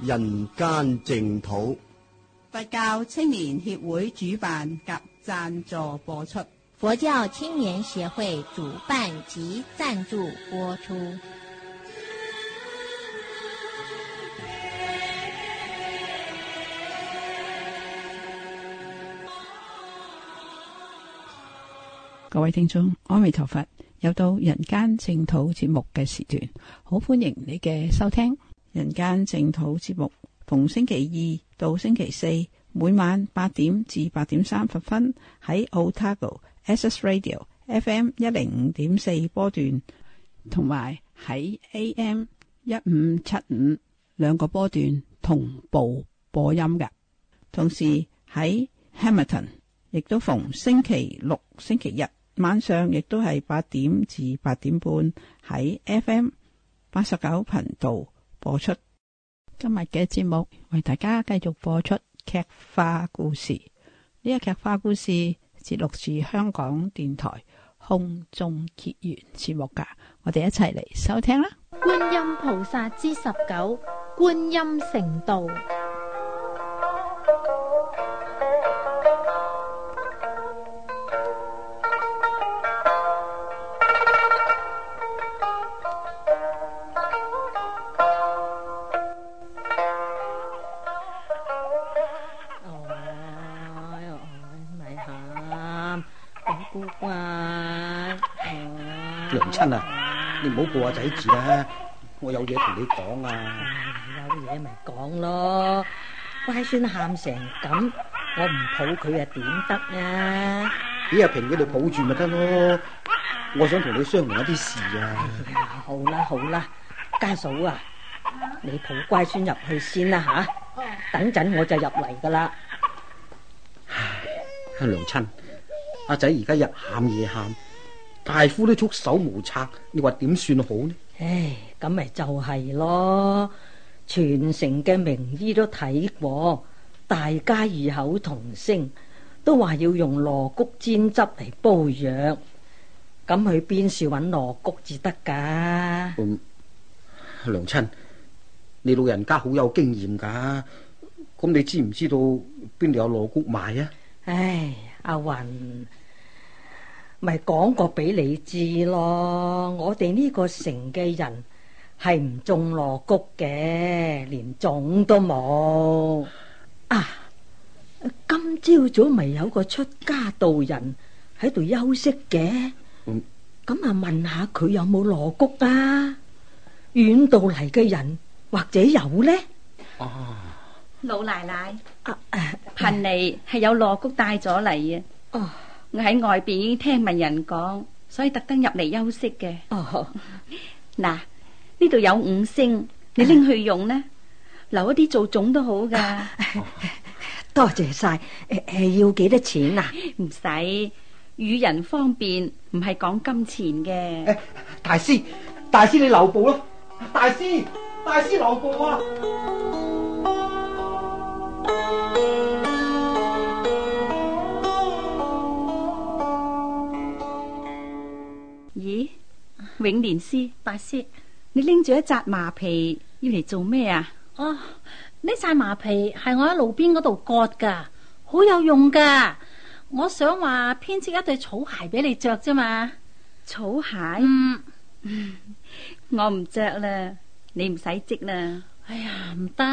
人間淨土，佛教青年協會主辦及贊助播出。佛教青年協會主辦及贊助播出。各位聽眾，阿彌陀佛，又到人間淨土節目嘅時段，好歡迎你嘅收聽。人間淨土節目，逢星期二到星期四，每晚八點至八點三十分喺 Otago S S Radio F M 一零五點四波段，同埋喺 A M 一五七五兩個波段同步播音嘅。同時喺 Hamilton 亦都逢星期六、星期日晚上，亦都係八點至八點半喺 F M 八十九頻道。播出今日嘅節目，為大家繼續播出劇化故事。呢個劇化故事節錄自香港電台空中結緣節目噶，我哋一齊嚟收聽啦。觀音菩薩之十九，觀音成道。你唔好過阿仔住啦，我有嘢同你講啊！唉，有啲嘢咪講咯，乖孫喊成咁，我唔抱佢啊點得啊？俾阿平佢哋抱住咪得咯，唉我想同你商量一啲事啊！好啦好啦，家嫂啊，你抱乖孫入去先啦，啊，吓，啊，等陣我就入嚟噶啦。娘親，阿仔而家日喊夜喊，大夫都束手無策，你話點算好呢？唉，咁咪就係咯，全城嘅名醫都睇過，大家異口同聲都話要用羅谷煎汁嚟煲藥，咁去邊處搵羅谷至得噶？嗯，娘親，你老人家好有經驗噶，咁你知唔知道邊度有羅谷賣啊？唉，阿雲。咪講個俾你知咯！我哋呢個城嘅人係唔種羅谷嘅，連種都冇啊！今朝早咪有個出家道人喺度休息嘅，咁啊、嗯、問下佢有冇羅谷啊？遠道嚟嘅人或者有呢？哦，老奶奶啊，貧尼係有羅谷帶咗嚟嘅。哦、啊。我喺外邊已經聽聞人講，所以特登入嚟休息嘅。哦，嗱，呢度有五星，你拎去用啦，留一啲做種都好噶。多謝晒，誒誒，要幾多錢啊？唔使，與人方便，唔係講金錢嘅。大師，大師你留步啦！大師，大師留步啊！咦，永年師大師，思你拎住一扎麻皮要嚟做咩啊？哦，呢扎麻皮係我喺路邊嗰度割噶，好有用噶。我想話編織一對草鞋俾你着啫嘛。草鞋，嗯， 我唔着啦，你唔使織啦。哎呀，唔得，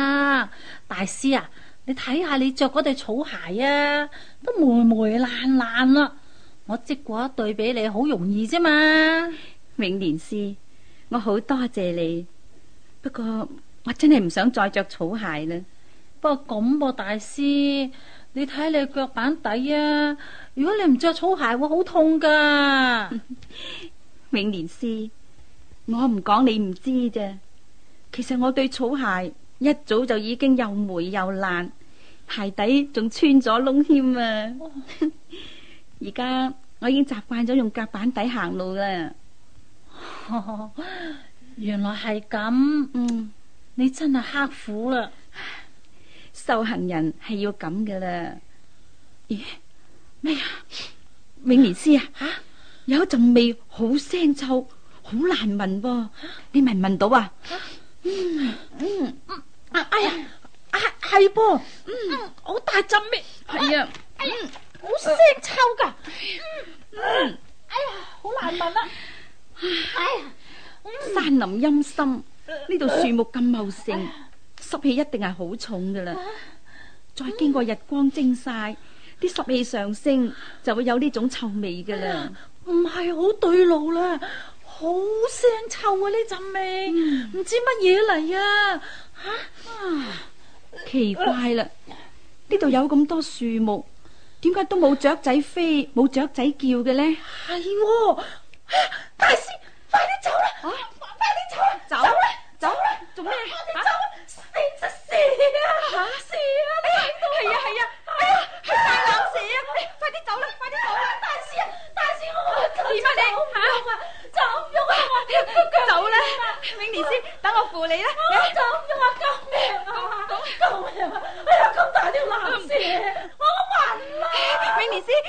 大師啊，你睇下你着嗰對草鞋啊，都霉霉爛爛啦。我織過一對俾你好容易啫嘛。永年師，我好多謝你。不過我真係唔想再着草鞋啦。不過咁噃、啊，大師，你睇你腳板底啊！如果你唔着草鞋會，會好痛噶。永年師，我唔講你唔知啫。其實我對草鞋一早就已經又霉又爛，鞋底仲穿咗窿添啊。 而家我已經習慣咗用夾板底行路啦。原來係咁，嗯，你真係刻苦啦。修行人係要咁噶啦。咦、欸，咩啊？永年師啊，吓有一陣味好腥臭，好難聞、啊。你咪聞到啊？嗯嗯、啊，哎呀，係係噃，嗯，好大陣味。係啊。好腥臭噶，哎呀，嗯、哎呀，好難聞啦、啊！哎、呀，嗯、山林陰森，呢度樹木咁茂盛，濕氣一定係好重噶啦。再經過日光蒸曬，啲濕氣上升，就會有呢種臭味噶啦。唔係好對路啦，好腥臭啊！呢陣味唔、嗯、知乜嘢嚟啊？吓、啊啊，奇怪啦！呢度有咁多樹木。點解都冇雀仔飛，冇雀仔叫嘅呢？係，大師，快啲走啦！快啲走啦，走啦，走啦，做咩？走，出事啊！吓，事啊！係啊係啊！哎呀，大難事啊！快啲走啦！快啲走啦！大師啊，大師我，走！師傅你吓，走喐啊！走啦，永年先等我扶你啦！走喐啊！救命啊！救命啊！哎呀，咁大條難事！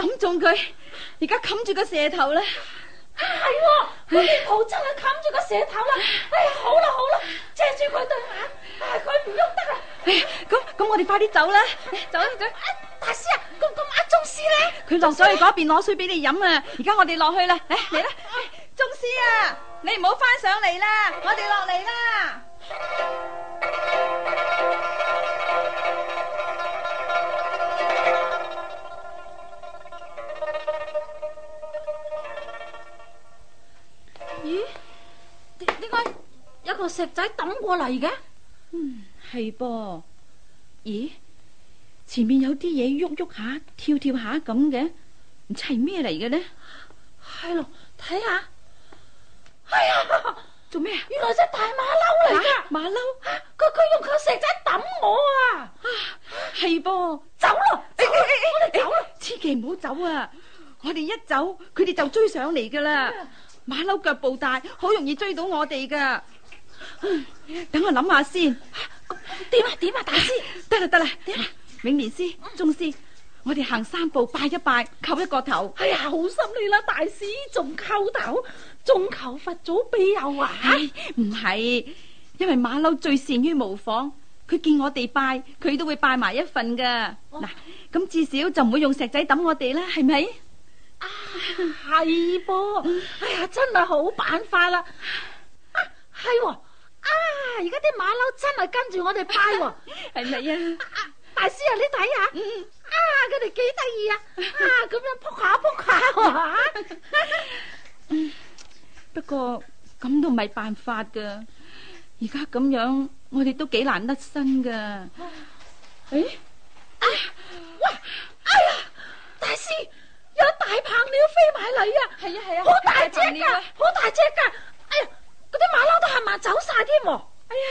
冧中佢，而家冚住個蛇頭啦，啊！係，好真，哎，啊，冚住個蛇頭啦！哎呀，好啦好啦，遮住佢對眼，但係佢唔喐得啦！咁咁，我哋快啲走啦！走走，大師啊，咁咁阿宗師咧，佢就想去嗰邊攞水俾，呃、你飲啊！而家我哋落去啦，嚟啦！宗，啊啊，師啊，你唔好翻上嚟啦，我哋落嚟啦。一個石仔抌過嚟嘅，嗯係噃，咦、欸，前面有啲嘢喐喐下、跳跳下咁嘅，唔知係咩嚟嘅呢？係咯，睇下，係啊、哎呀，做咩？原來隻大馬騮嚟噶，馬騮，佢佢用個石仔抌我啊！啊，係噃，走咯，我哋走咯，千祈唔好走啊！我哋一走，佢哋就追上嚟噶啦。馬騮腳步大，好容易追到我哋噶。等 我諗下先，點 啊點啊！大師，得啦得啦，點啊！永、啊啊、年師、宗師、嗯，我哋行三步，拜一拜，叩一個頭。哎呀，好心你啦，大師，仲叩頭，仲求佛祖庇佑啊！唔係、哎，因為馬騮最善於模仿，佢見我哋拜，佢都會拜埋一份噶。嗱、啊，咁、啊、至少就唔會用石仔揼我哋啦，係咪、哎？啊，係噃、啊啊，哎呀，真係好辦法啦，係、哎。哎啊！而家啲馬騮真係跟住我哋派喎，係咪啊？大師啊，你睇下，啊，佢哋幾得意啊！啊，咁樣撲下撲下啊！不過咁都唔係辦法噶，而家咁樣我哋都幾難甩身噶。誒，啊，哇，哎呀，大師，有一大鵬鳥飛埋嚟啊！係啊係啊，好大隻噶，好大隻噶，哎呀！嗰啲馬騮都係埋走晒添，哎呀，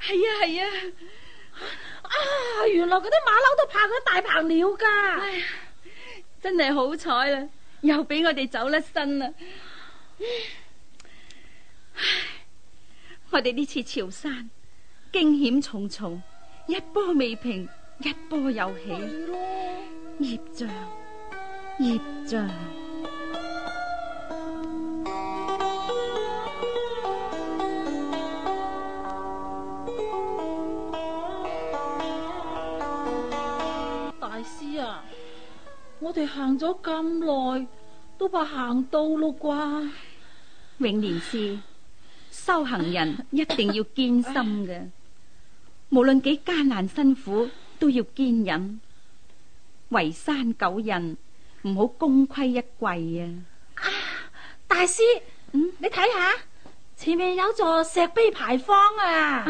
係啊係啊，啊，原來嗰啲馬騮都怕咗大鵬鳥噶、哎，真係好彩啦，又俾我哋走甩身啦，唉，我哋呢次潮山驚險重重，一波未平一波又起，孽障，孽障。葉我哋行咗咁耐，都怕行到咯啩。永年師，修行人一定要堅心嘅，無論幾艱難辛苦，都要堅忍。為山九仞，唔好功虧一簣啊！啊，大師，嗯，你睇下前面有座石碑牌坊啊。啊，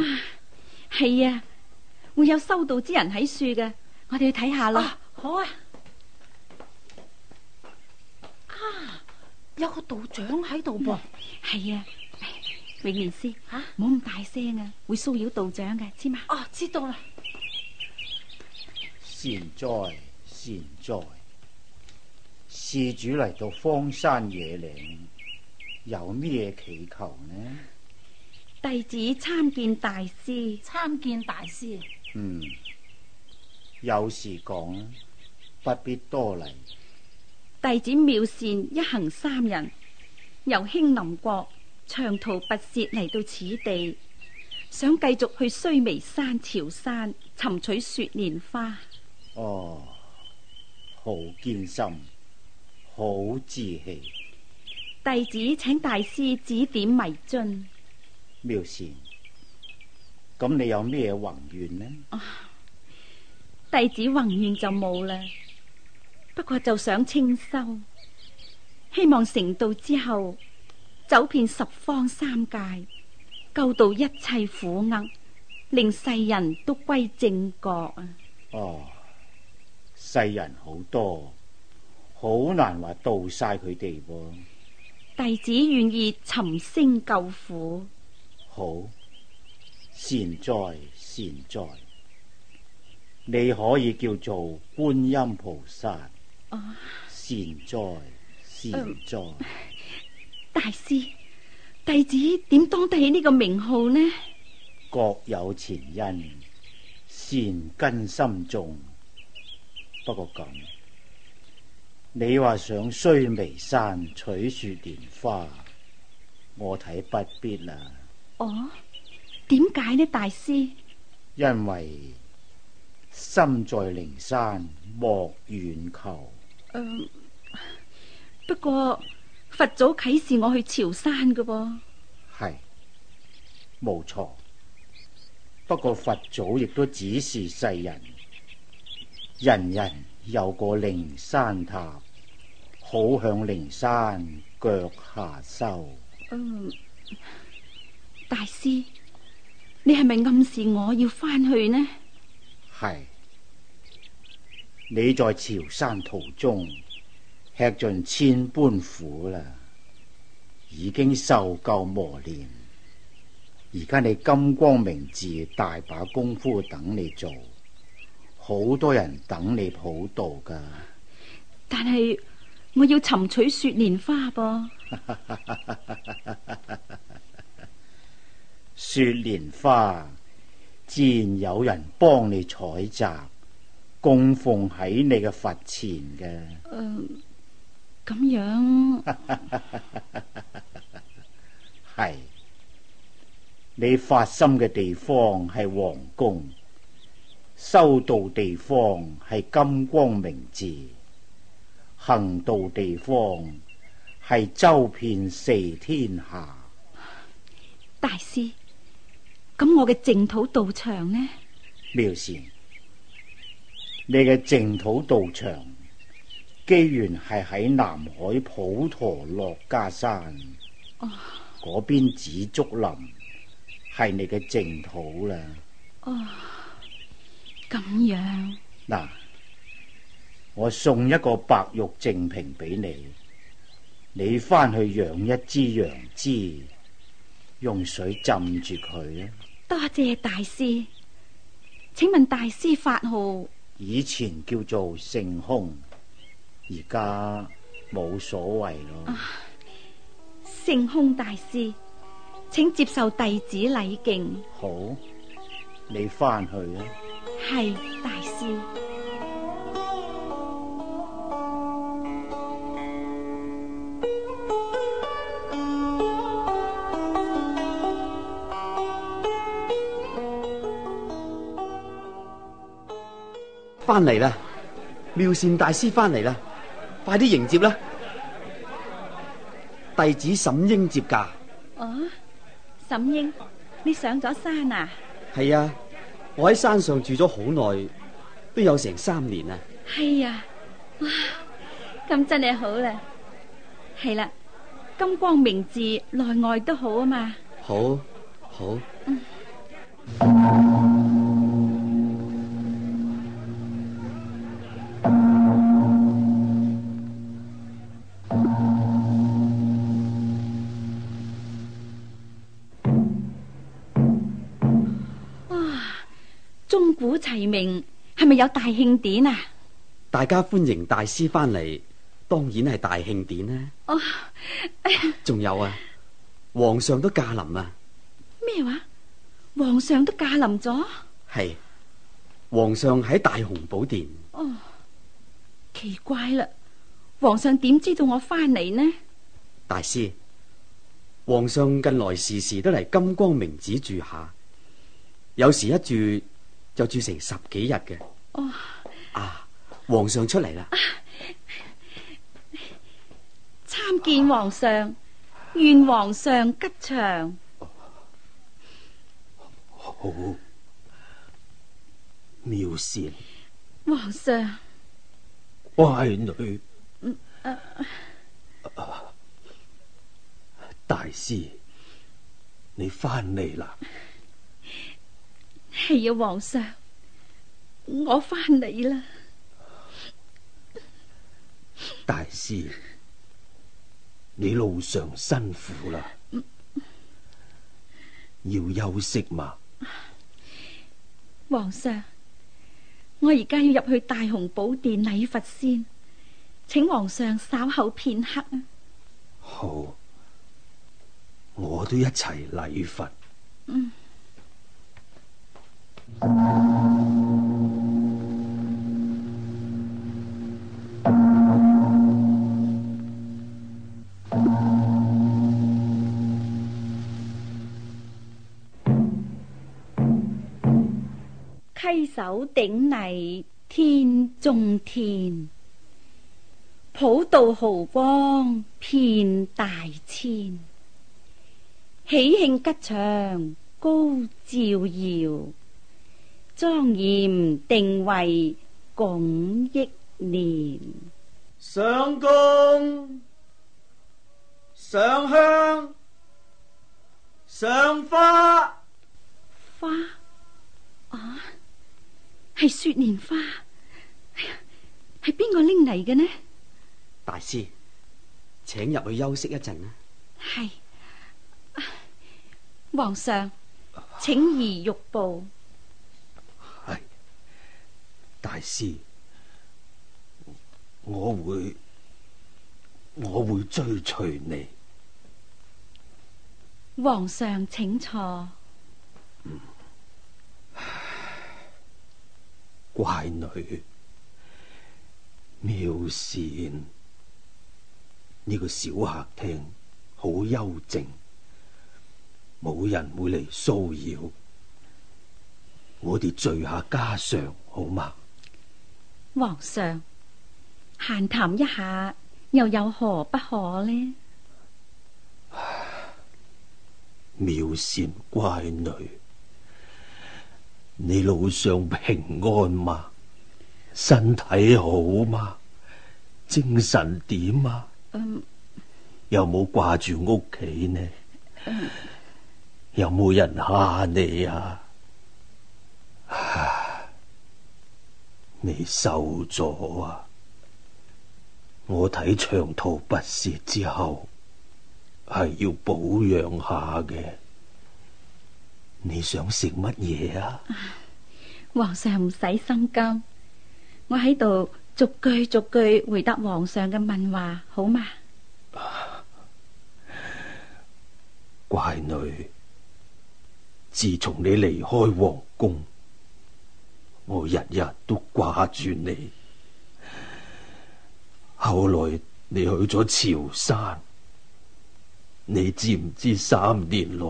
係啊，會有修道之人喺樹嘅，我哋去睇下咯。好啊。有個道長喺度噃，係啊，永賢師，吓，冇咁大聲啊，會騷擾道長嘅，知嘛？哦，知道啦。善哉善哉，事主嚟到荒山野嶺，有咩祈求呢？弟子參見大師，參見大師。嗯，有事講，不必多嚟。弟子妙善一行三人由興林國長途跋涉嚟到此地，想繼續去須彌山朝山，尋取雪蓮花。哦，好堅心，好志氣。弟子請大師指點迷津。妙善，咁你有咩宏願呢？啊，弟子宏願就冇啦。不過就想清修，希望成道之後走遍十方三界，救度一切苦厄，令世人都歸正覺啊！哦，世人好多，好難話度晒佢哋噃。弟子願意尋聲救苦，好，善哉，善哉，你可以叫做觀音菩薩。哦！善哉，善哉，呃！大師，弟子點當得起呢個名號呢？各有前因，善根深重。呃、不過咁，你話想須眉山取樹蓮花，我睇不必啦。哦，點解呢？大師？因為心在靈山莫遠求。嗯，不過佛祖啟示我去潮山嘅噃，係冇錯。不過佛祖亦都指示世人，人人有個靈山塔，好向靈山腳下修。嗯，大師，你係咪暗示我要翻去呢？係。你在潮山途中吃盡千般苦啦，已經受夠磨練。而家你金光明字大把功夫等你做，好多人等你普渡㗎。但係我要尋取雪蓮花噃。 雪蓮花自然有人幫你採集。供奉喺你嘅佛前嘅。嗯，咁樣。係，你發心嘅地方係皇宮，修道地方係金光明寺，行道地方係周遍四天下。大師，咁我嘅淨土道場呢？妙善。你嘅淨土道場，既然係喺南海普陀落家山嗰、哦、邊紫竹林，係你嘅淨土啦。哦，咁樣。嗱，我送一個白玉淨瓶俾你，你返去養一支楊枝，用水浸住佢啊！多謝大師，請問大師法號？以前叫做聖空，而家冇所謂咯。啊，聖空大師，請接受弟子禮敬。好，你翻去啊。係，大師。翻嚟啦，妙善大師翻嚟啦，快啲迎接啦！弟子沈英接駕。哦，沈英，你上咗山啊？係啊，我喺山上住咗好耐，都有成三年啦。係啊，哇，咁真係好啦。係啦、啊，金光明寺，內外都好啊嘛。好，好。嗯齊明係咪有大慶典啊？大家歡迎大師翻嚟，當然係大慶典呢、啊！哦，仲、哎、有啊，皇上都駕臨啊！咩話？皇上都駕臨咗？係，皇上喺大雄寶殿。哦，奇怪啦，皇上點知道我翻嚟呢？大師，皇上近來時時都嚟金光明寺住下，有時一住。就住成十幾日嘅。哦、oh. 啊！皇上出嚟啦！參見皇上，啊、願皇上吉祥。好，妙善。皇上，乖女。Uh, 大師，你翻嚟啦？係啊，皇上，我翻嚟啦。大師，你路上辛苦啦，嗯、要休息嘛？皇上，我而家要入去大雄寶殿禮佛先，請皇上稍後片刻。好，我都一齊禮佛。嗯。稽首頂禮天中天，普渡豪光遍大千，喜慶吉祥高照耀。莊嚴定位共億年，上供上香上花花啊！係雪蓮花，係邊個拎嚟嘅呢？大師，請入去休息一陣啦。係，皇上，請移玉步。大師，我會我會追隨你。皇上，請坐。嗯，乖女，妙善，呢個小客廳好幽靜，冇人會嚟騷擾。我哋聚下家常，好嗎？皇上，閒談一下又有何不可呢？妙善乖女，你路上平安嘛？身體好嘛？精神點啊？嗯。有冇掛住屋企呢？嗯。有冇人吓你啊？你瘦咗啊！我睇長途跋涉之後，係要保養下嘅。你想食乜嘢啊？皇上唔使心急，我喺度逐句逐句回答皇上嘅問話，好嗎？啊，乖女，自從你離開皇宮。我日日都掛住你，後來你去咗潮山，你知唔知三年來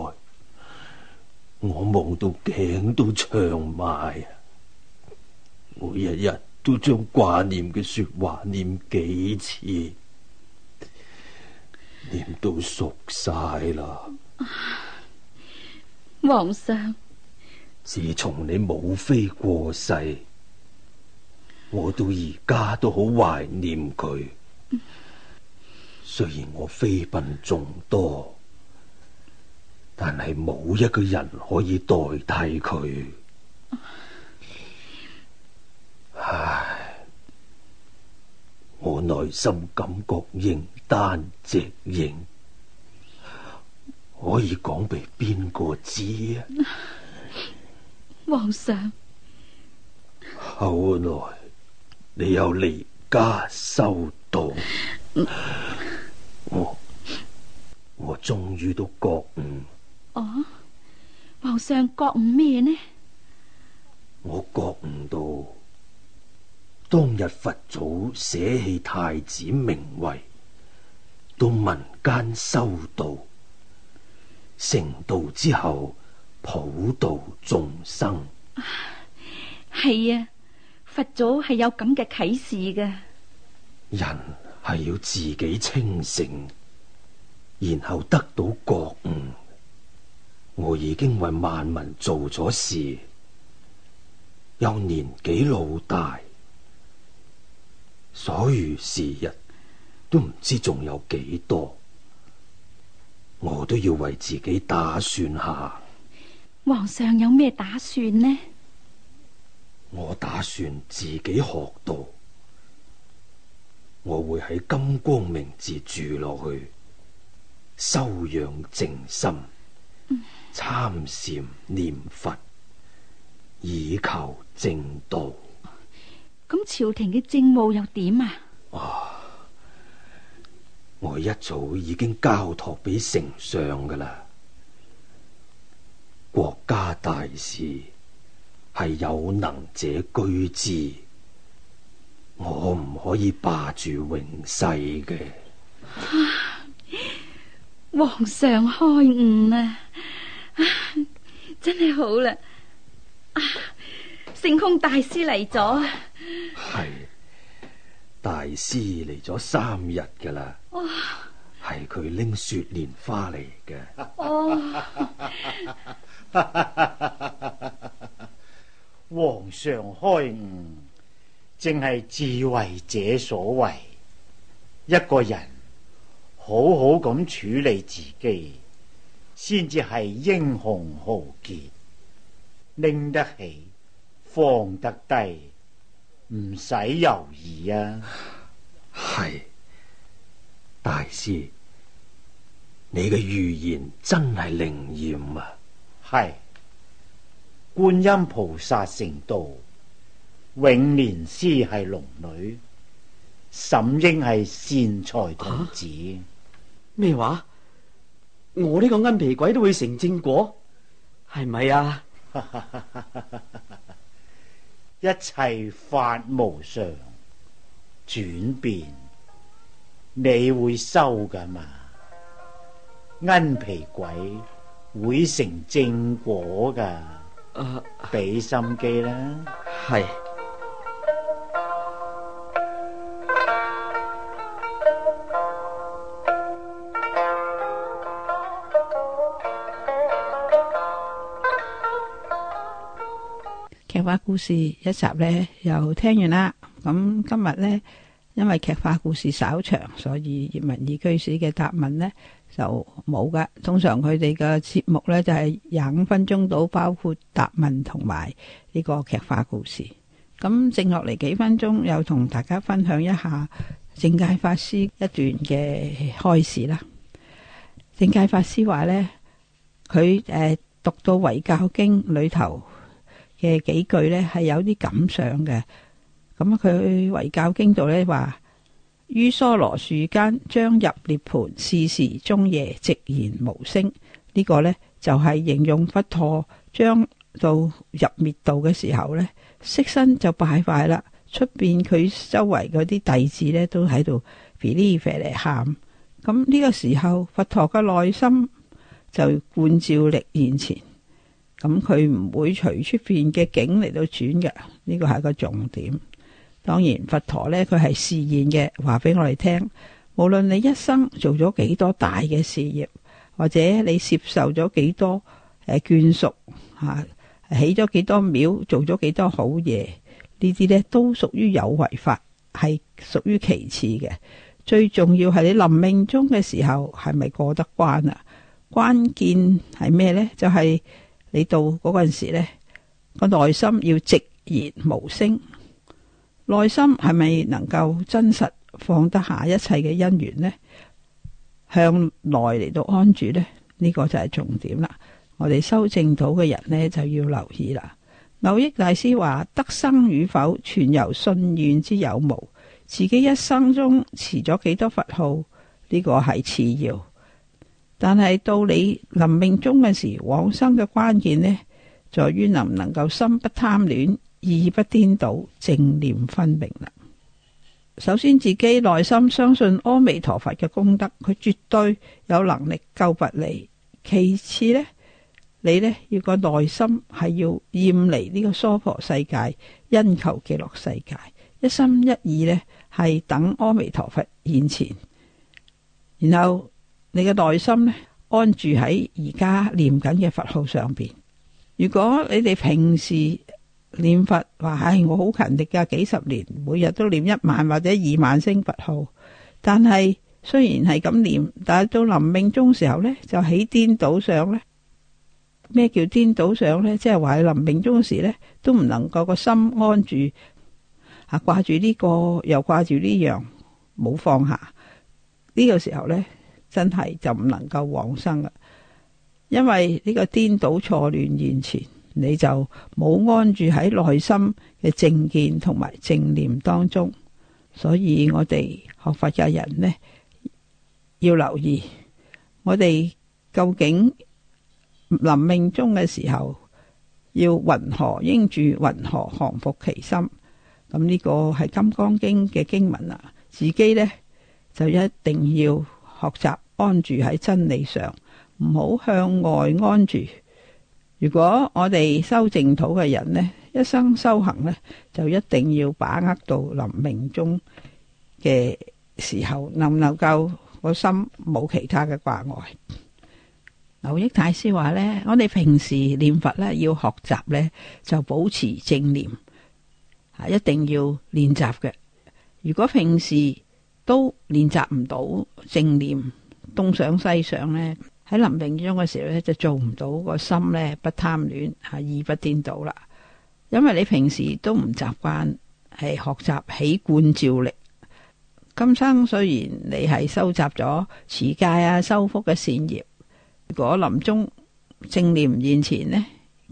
我望到頸都長埋啊！我日日都將掛念嘅說話念幾次，念到熟晒啦，黃生。自從你母妃過世，我到而家都好懷念佢。雖然我妃嬪眾多，但係冇一個人可以代替佢。唉，我內心感覺形單隻影，可以講俾邊個知啊？皇上，後來你又離家修道， 我我終於都覺悟。哦，皇上覺悟咩呢？我覺悟到，當日佛祖捨棄太子名位，到民間修道，成道之後。普度眾生係啊，啊，佛祖係有咁嘅啟示嘅。人係要自己清醒，然後得到覺悟。我已經為萬民做咗事，又年紀老大，所餘時日都唔知仲有幾多，我都要為自己打算下。皇上有咩打算呢？我打算自己學道，我會喺金光明寺住落去，修養靜心，參禪念佛，以求正道。咁、嗯、朝廷嘅政務又點啊？啊，我一早已經交託俾丞相噶啦。國家大事係有能者居之，我唔可以霸住永世嘅，啊。皇上開悟啊，啊真係好啦！啊，聖空大師嚟咗啊！係大師嚟咗三日噶啦，係佢拎雪蓮花嚟嘅。啊 皇上開悟，正係智慧者所為。一個人好好咁處理自己，先至係英雄豪傑。拎得起，放得低，唔使猶豫啊！係，大師，你嘅預言真係靈驗啊！係觀音菩薩成道，永年師係龍女，沈英係善財童子。咩話、啊？我呢個恩皮鬼都會成正果，係咪啊？ 一切法無常轉變，你會收噶嘛？恩皮鬼。會成正果噶，俾心機啦。係。劇化故事一集呢，又聽完啦。咁今日呢，因為劇化故事稍長，所以葉文二居士嘅答問呢，就冇噶，通常佢哋嘅節目呢，就係廿五分鐘到，包括答問同埋呢個劇化故事。咁剩落嚟幾分鐘，又同大家分享一下正界法師一段嘅開始啦。正界法師話呢，佢誒讀到遺教經裏頭嘅幾句呢，係有啲感想嘅。咁啊，佢遺教經度呢話。於娑羅樹間將入涅盤，是時中夜寂然無聲。呢、這個呢，就係、是、形容佛陀將到入滅道嘅時候呢，色身就敗壞啦。出邊佢周圍嗰啲弟子呢，都喺度 b e l i 嚟喊。咁、這、呢個時候，佛陀嘅內心就觀照力現前，咁佢唔會隨出邊嘅景嚟到轉嘅。呢、這個係一個重點。當然，佛陀呢，佢係示現嘅話俾我哋聽。無論你一生做咗幾多大嘅事業，或者你接受咗幾多眷屬嚇，起咗幾多廟，做咗幾多好嘢，呢啲呢都屬於有為法，係屬於其次嘅。最重要係你臨命終嘅時候係咪過得關啊？關鍵係咩呢？就係、是、你到嗰陣時咧個內心要直言無聲。內心係咪能夠真實放得下一切嘅因緣呢？向內嚟到安住呢？呢個就係重點啦。我哋修淨土嘅人呢，就要留意啦。藕益大師話：得生與否，全由信願之有無。自己一生中持咗幾多佛號呢？呢個係次要，但係到你臨命終嘅時，往生嘅關鍵呢，在於能唔能夠心不貪戀，意不顛倒，正念分明啦。首先自己內心相信阿彌陀佛嘅功德，佢絕對有能力救拔你。其次呢，你呢要個內心係要厭離呢個娑婆世界，欣求極樂世界，一心一意呢，係等阿彌陀佛現前。然後你嘅內心呢安住喺而家念緊嘅佛號上邊。如果你哋平時，念佛話：唉，我好勤力噶，幾十年每日都念一萬或者二萬聲佛號。但係雖然係咁念，但係到臨命終時候呢，就喺顛倒上呢。咩叫顛倒上呢？即係話喺臨命終時呢，都唔能夠個心安住，吓掛住呢個，又掛住呢樣，冇放下。呢個時候呢，真係就唔能夠往生喇，因為呢個顛倒錯亂現前。你就冇安住喺內心嘅正見同埋正念當中，所以我哋學佛嘅人呢，要留意，我哋究竟臨命終嘅時候要雲何應住，雲何降伏其心？咁呢個係《金剛經》嘅經文啦，自己呢，就一定要學習安住喺真理上，唔好向外安住。如果我哋修淨土嘅人呢，一生修行呢，就一定要把握到臨命終嘅時候，能唔能夠個心冇其他嘅掛礙？柳益大師話呢，我哋平時念佛呢，要學習呢，就保持正念，吓一定要練習嘅。如果平時都練習唔到正念，東想西想呢。喺臨命終嘅時候呢，就做唔到個心呢不貪戀，吓意不顛倒啦。因為你平時都唔習慣係學習起觀照力。今生雖然你係收集咗持戒啊、修福嘅善業，如果臨終正念唔現前呢，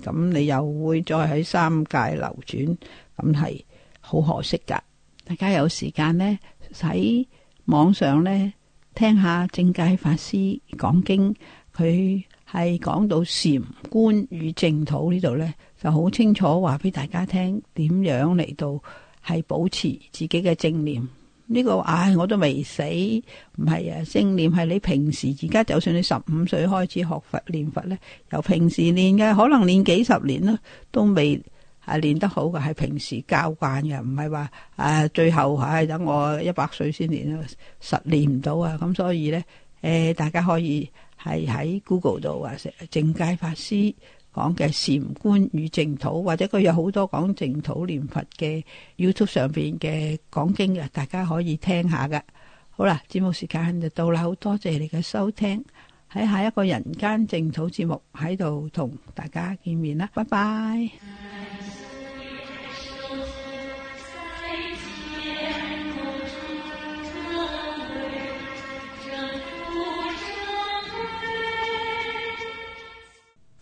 咁你又會再喺三界流轉，咁係好可惜噶。大家有時間呢，喺網上呢。聽下正解法師講經，佢係講到禪觀與淨土呢度呢，就好清楚話俾大家聽點樣嚟到係保持自己嘅正念。呢、這個唉、哎，我都未死，唔係啊！正念係你平時而家，就算你十五歲開始學佛練佛呢，由平時練嘅，可能練幾十年啦，都未。係練得好嘅，係平時教慣嘅，唔係話誒最後係、哎、等我一百歲先練啊，實練唔到啊。咁、嗯、所以呢，誒、呃，大家可以係喺 Google 度呀，淨戒法師講嘅禪觀與淨土，或者佢有好多講淨土念佛嘅 YouTube 上邊嘅講經嘅，大家可以聽下嘅。好啦，節目時間就到啦，好多謝你嘅收聽，喺下一個人間淨土節目喺度同大家見面啦，拜拜。